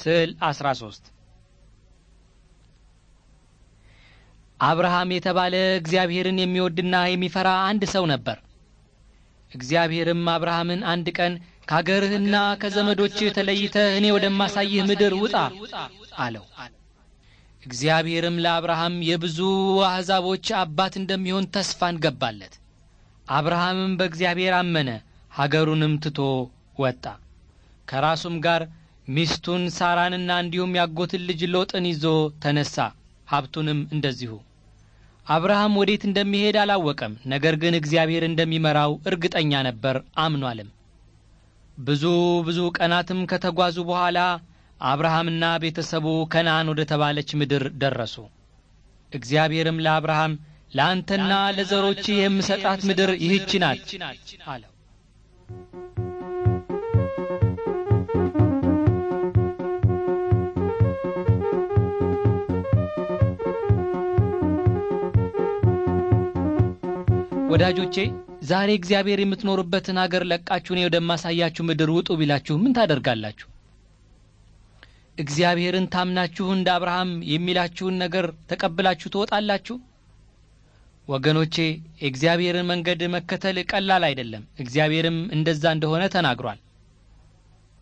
ስዕል 13 አብርሃም የተባለ እግዚአብሔርን የሚወድና የሚፈራ አንድ ሰው ነበር። እግዚአብሔርም አብርሃምን አንድ ቀን ከአገርህና ከዘመዶችህ ተለይተህ እኔ ወደማሳይህ ምድር ውጣ አለው። እግዚአብሔርም ለአብርሃም የብዙ አሕዛቦች አባት እንደሚሆን ተስፋ እንገባለት። አብርሃምም በእግዚአብሔር አመነ፣ ሀገሩንም ትቶ ወጣ ከራሱም ጋር ሚስቱን ሳራንና እንዲሁም ያጎትን ልጅ ሎጥን ይዞ ተነሳ፣ ሀብቱንም እንደዚሁ። አብርሃም ወዴት እንደሚሄድ አላወቀም። ነገር ግን እግዚአብሔር እንደሚመራው እርግጠኛ ነበር፣ አምኗልም። ብዙ ብዙ ቀናትም ከተጓዙ በኋላ አብርሃምና ቤተሰቡ ከነአን ወደ ተባለች ምድር ደረሱ። እግዚአብሔርም ለአብርሃም ለአንተና ለዘሮችህ የምሰጣት ምድር ይህች ናት አለው። ወዳጆቼ ዛሬ እግዚአብሔር የምትኖሩበትን አገር ለቃችሁ እኔ ወደማሳያችሁ ምድር ውጡ ቢላችሁ ምን ታደርጋላችሁ? እግዚአብሔርን ታምናችሁ እንደ አብርሃም የሚላችሁን ነገር ተቀብላችሁ ትወጣላችሁ? ወገኖቼ የእግዚአብሔርን መንገድ መከተል ቀላል አይደለም። እግዚአብሔርም እንደዛ እንደሆነ ተናግሯል።